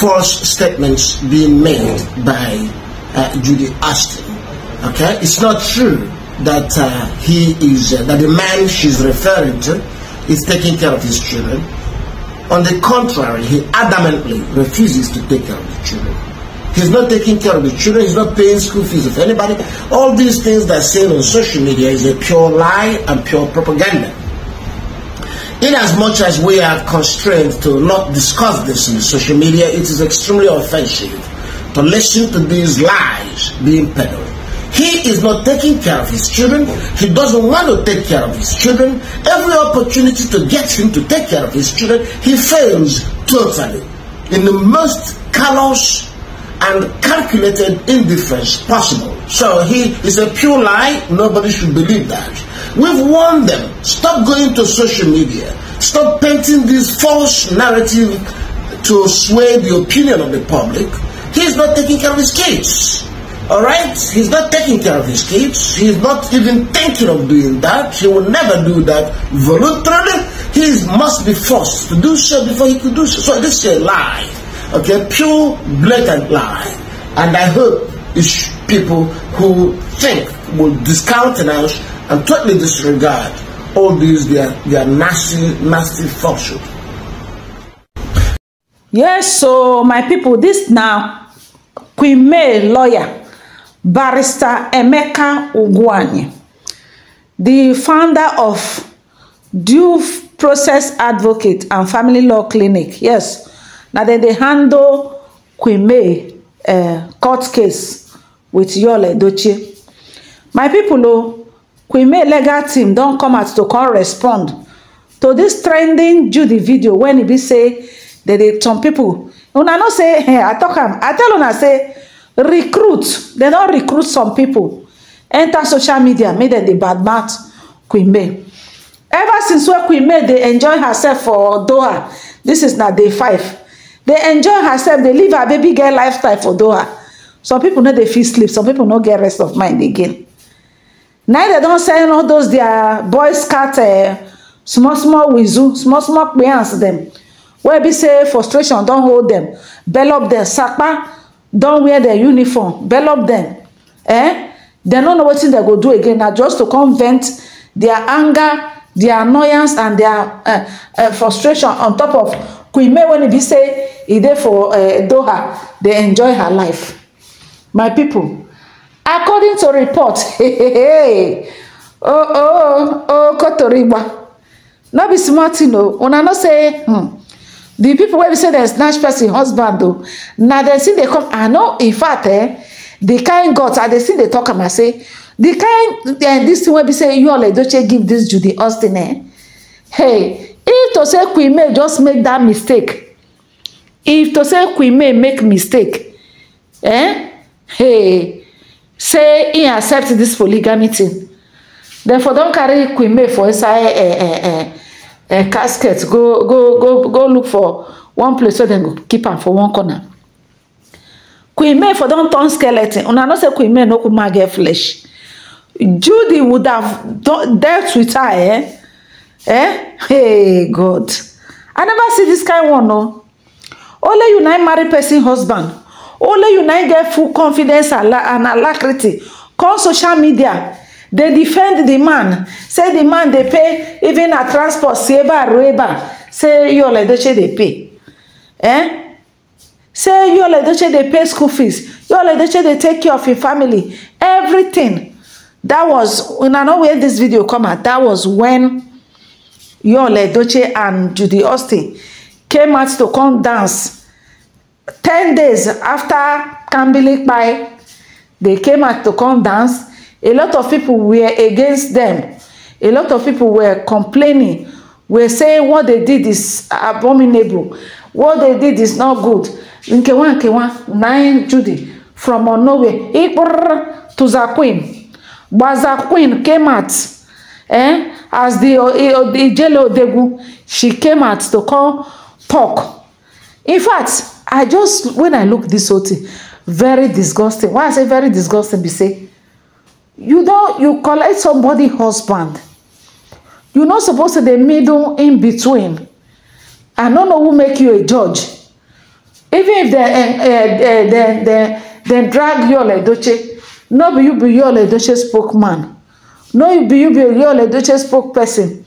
false statements being made by uh, Judy Ashton. Okay, it's not true that uh, he is uh, that the man she's referring to is taking care of his children. On the contrary, he adamantly refuses to take care of the children. He's not taking care of the children. He's not paying school fees of anybody. All these things that are saying on social media is a pure lie and pure propaganda in as much as we are constrained to not discuss this in social media, it is extremely offensive to listen to these lies being peddled. He is not taking care of his children. He doesn't want to take care of his children. Every opportunity to get him to take care of his children, he fails totally in the most callous and calculated indifference possible. So he is a pure lie. Nobody should believe that. We've warned them. Stop going to social media. Stop painting this false narrative to sway the opinion of the public. He's not taking care of his kids. All right? He's not taking care of his kids. He's not even thinking of doing that. He will never do that voluntarily. He must be forced to do so before he could do so. So this is a lie. Okay? Pure, blatant lie. And I hope these people who think will discountenance and totally disregard all these their, their nasty, nasty falsehood. Yes, so my people, this now Queen May lawyer, barrister Emeka Uguani, the founder of Due Process Advocate and Family Law Clinic. Yes, now then they handle Queen May uh, court case with Yul Edochie. My people o. Oh, queen may legal team don't come out to come respond to this trending judy video when e be say that dey some pipo una know say eh, i talk am i tell una say recruit They don't recruit some people. Enter social media made them the bad badmouth queen may ever since wey queen may they enjoy herself for doha This is na day five They enjoy herself They live a baby girl lifestyle for doha some people know they feel sleep some people no get rest of mind again na dem don send all those their boy scout uh, small small wizu small small payans dem wey be say frustration don hold dem bellop dem sapa don wear their uniform bellop dem eh dem no know wetin dem go do again na just to come vent their anger their annoyance and their uh, uh, frustration on top of queen may when e be say e dey for uh, doha dey enjoy her life my people according to report oh oh oh kotorigba no be small tin o oh. una know say hmm, the people wey be say dem snatch person husband o oh, na dem still dey come i know in fact eh, the kind gods i dey still dey talk am i say the kind eh, this thing wey be say Yul Edochie give this Judy Austin eh, hey if to say Queen May just make that mistake if to say Queen May make mistake eh, hey say he accept this polygamy thing therefore don carry queen may for inside a a a casket go go go go look for one place wey dem go keep am for one corner queen may for don turn skeleton una know say queen may no kuma get flesh judy would have dealt with her eh eh hey god i never see this kind one o only you na marry person husband only united get full confidence and alacrity call social media they defend the man say the man they pay even a transport seba reba say yiola edoche they pay eh say yiola edoche they pay school fees yiola edoche they take care of your family everything that was when I know where this video come at that was wen yiola edoche and judy austin came out to come dance ten days after Kambili Kpai, they came out to come dance. A lot of people were against them. A lot of people were complaining, were saying what they did is abominable. What they did is not good. Nkewa Nkewa, nine Judy from Onowe, Ikpur to Zakwin. Bazakwin came out. Eh? As the eh, eh, Ijele Odegu, she came out to come talk. In fact, i just when i look this whole thing very disgusting why i say very disgusting be say you don you collect somebody husband you not supposed to dey middle in between i don't know who make you a judge even if they eh, eh, eh, they they they drag yul doche, no be you be yul doche spokesman no be you be yul doche spokesperson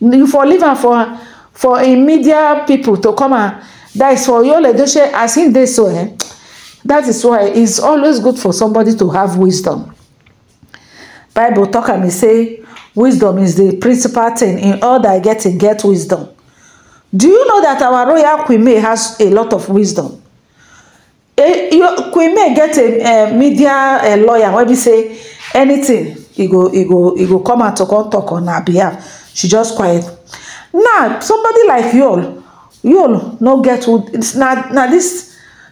you for leave am for for a media people to come and that is for Oyole Edochie as he dey so eh that is why it's always good for somebody to have wisdom bible talk am say wisdom is the principal thing in all that getting get wisdom do you know that our royal queen may has a lot of wisdom a, your, queen may get a, a media a lawyer wey be say anything e go e go e go come out to come talk on her behalf she just quiet now somebody like you yul no get now.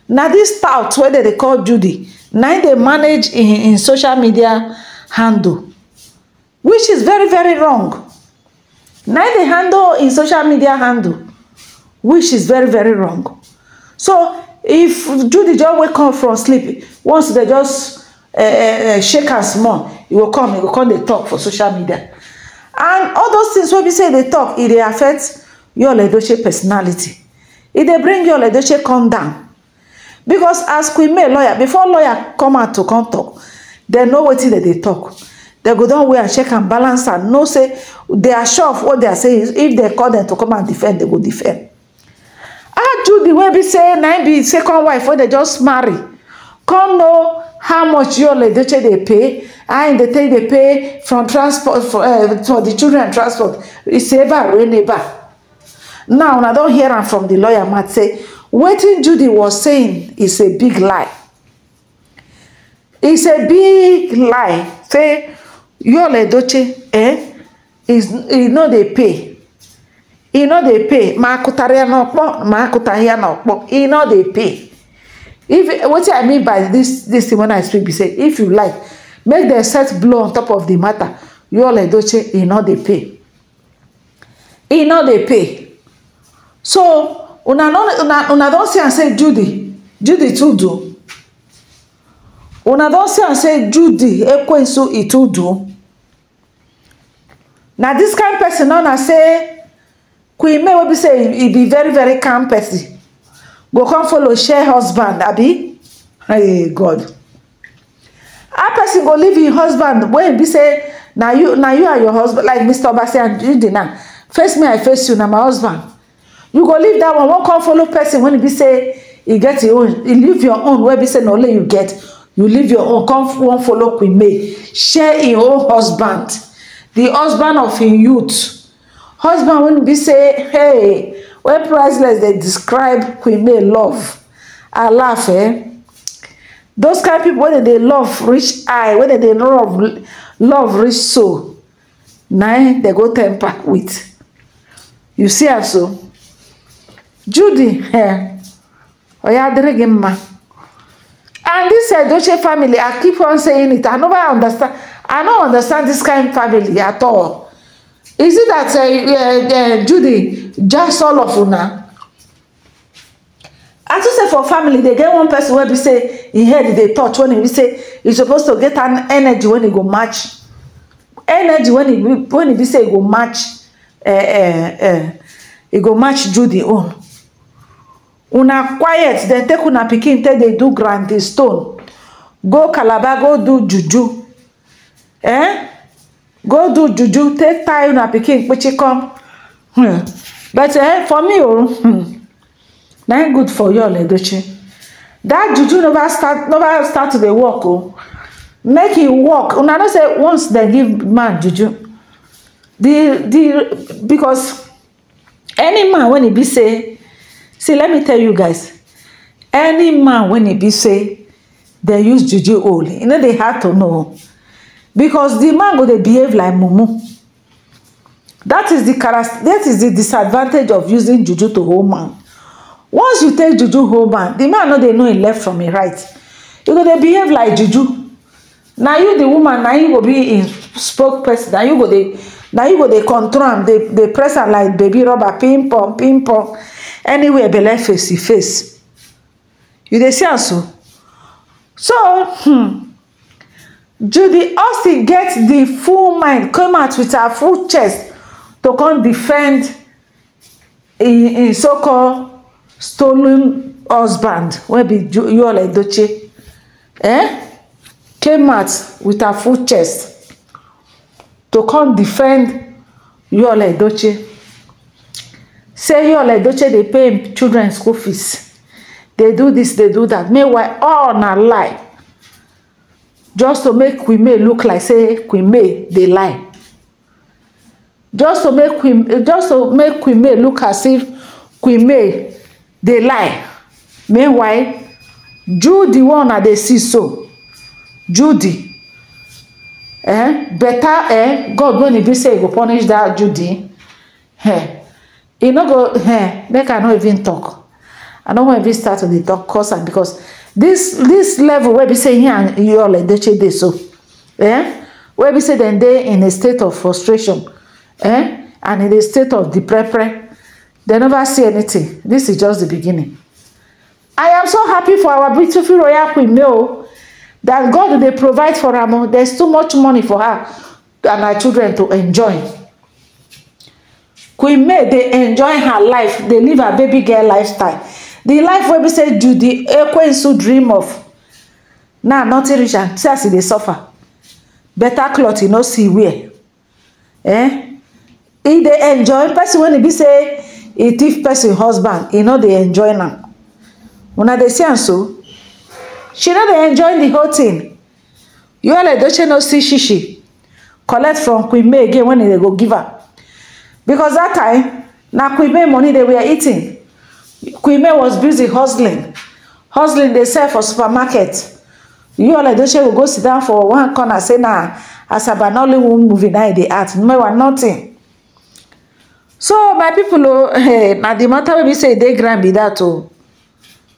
na dis tout wey dem dey call judy Now they manage in in social media handle which is very very wrong Now they handle in social media handle which is very very wrong so if judy just wake up from sleep once they just eh, eh, eh, shake her small e will come e will come dey talk for social media and all those things wey be say they e talk e dey affect Your Edochie personality. E dey bring your Edochie come down. Because as Queen May lawyer, before lawyer come out to come talk, dem know wetin dem dey talk. dem go don weigh and check and balance and know say they are sure of what they are saying if dem call dem to come and defend dem go defend judy wey be say na be second wife wey dey just marry come know how much your edochie dey pay how im dey take dey pay from transport for eh, for the children transport it's eba wey neighbor now I don't hear am from the lawyer mat say wetin judy was saying is a big lie It's a big lie say yul doche eh Is, you know they pay You know they pay ma akụtara ya n'ọkpọ ma akụtaghị ya n'ọkpọ e no dey pay if what i mean by this this thing when i speak be say if you like make dem set blow on top of the matter yul doche. You know they pay You know they pay so una no una una don see am say judy judy tudu una don see am say judy ekwensu itudu na this kind person una say queen may wey be say e be very very calm person go come follow share husband abi hey god how person go leave im husband wey be say na you na you and your husband like mr obasi and judy now face me i face you na my husband you go leave that one wan come follow person when e be say e get e own e leave your own wey be say na only you get you leave your own come wan follow queen may share im own husband the husband of im youth husband wey be say hey wey priceless dey describe queen may love i laugh eh those kind people wey dey dey love reach eye wey dey dey love love reach soul na im dey go temper with you see am so Judy ọ eh, ya adịrị gị mma and this Edochie family I keep on saying it I never understand I don't understand this kind of family at all is it that uh, uh, uh, Judy just all of una I too say for family they get one person where we say im head they touch when we say e supposed to get an energy when e go match energy when e when e be say e go match e uh, uh, uh, go match Judy own una quiet then take una pikin take dey do grinding stone go calabar go do juju eh go do juju take tie una pikin kpichicom hmm. but eh, for me o oh, hmm, na im good for yall edochie That juju never start never start to dey work o oh. make e work una know say once dem give man juju the the because any man when e be say see let me tell you guys any man when e be say dem use juju hole e no dey hard to know because the man go dey behave like mumu that is the that is the disadvantage of using juju to hold man once you take juju hold man the man no dey know him left from him right you go dey behave like juju na you the woman na you go be him spokesperson na you go dey na you go dey control am dey dey press am like baby rubber ping pong ping pong anywhere belle face e face you dey see am so so hmm, judy austin get di full mind come out wit her full chest to come defend im e, im e so called stolen husband wey be Yul Edochie eh came out wit her full chest to come defend Yul Edochie Say seyoole edoche dey pay children school fees dey do this, dey do that. meanwhile all na lie just to make queen may look like say queen may dey lie just to make queen just to make queen may look as if queen may dey lie meanwhile judy one i dey see so judy eh, better eh, god when e be say he go punish that judy eh, You know, go eh, make i no even talk i no wan even start to dey talk cause am because this this level wey be say him and yul edochie dey so eh, wey be say dem dey in a state of frustration eh, and in a state of deprepre dem never see anything this is just the beginning i am so happy for our beautiful royal queen may that god dey provide for am o there is too much money for her and her children to enjoy queen may dey enjoy her life dey live her baby girl lifestyle The life wey be say judy ekwensu dream of Nah, nothing reach am see as e dey suffer better cloth e no see wear eh e dey enjoy person when e be say e thief person husband e no dey enjoy am una dey see am so she no dey enjoy the whole thing yoel edoche no see shishi collect from queen may again when e dey go give her because that time na queen money they were eating queen was busy hustling hustling dey sell for supermarket you all edoche go go sit down for one corner say na asaban only movie na e dey act mewa nothing so my pipo oh, na di matter wey be say e dey grand be dat o oh.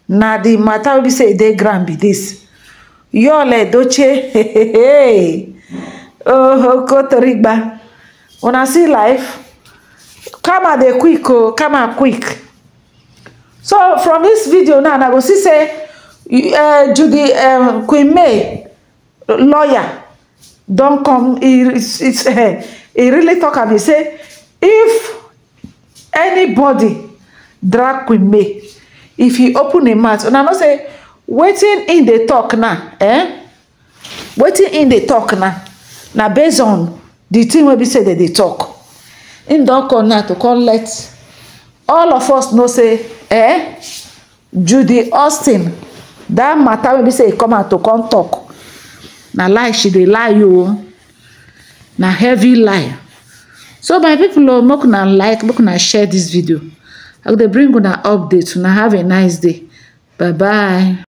na di matter wey be say e dey grand be this. you all edoche hey hey hey oh okotorigba oh, una see life karma dey quick o oh. karma quick so from this video now i go see say eh, judy eh, queen may lawyer don come He eh, really talk am he say if anybody drag queen may if he open im mouth and i know say wetin im dey talk now eh wetin im dey talk now na based on the thing wey be say dem dey talk him don come now to come let all of us know say eh judy austin That matter wey be say e come out to come talk na lie she dey lie o na heavy lie so my people o make una like make una share this video i go dey bring una update una have a nice day bye bye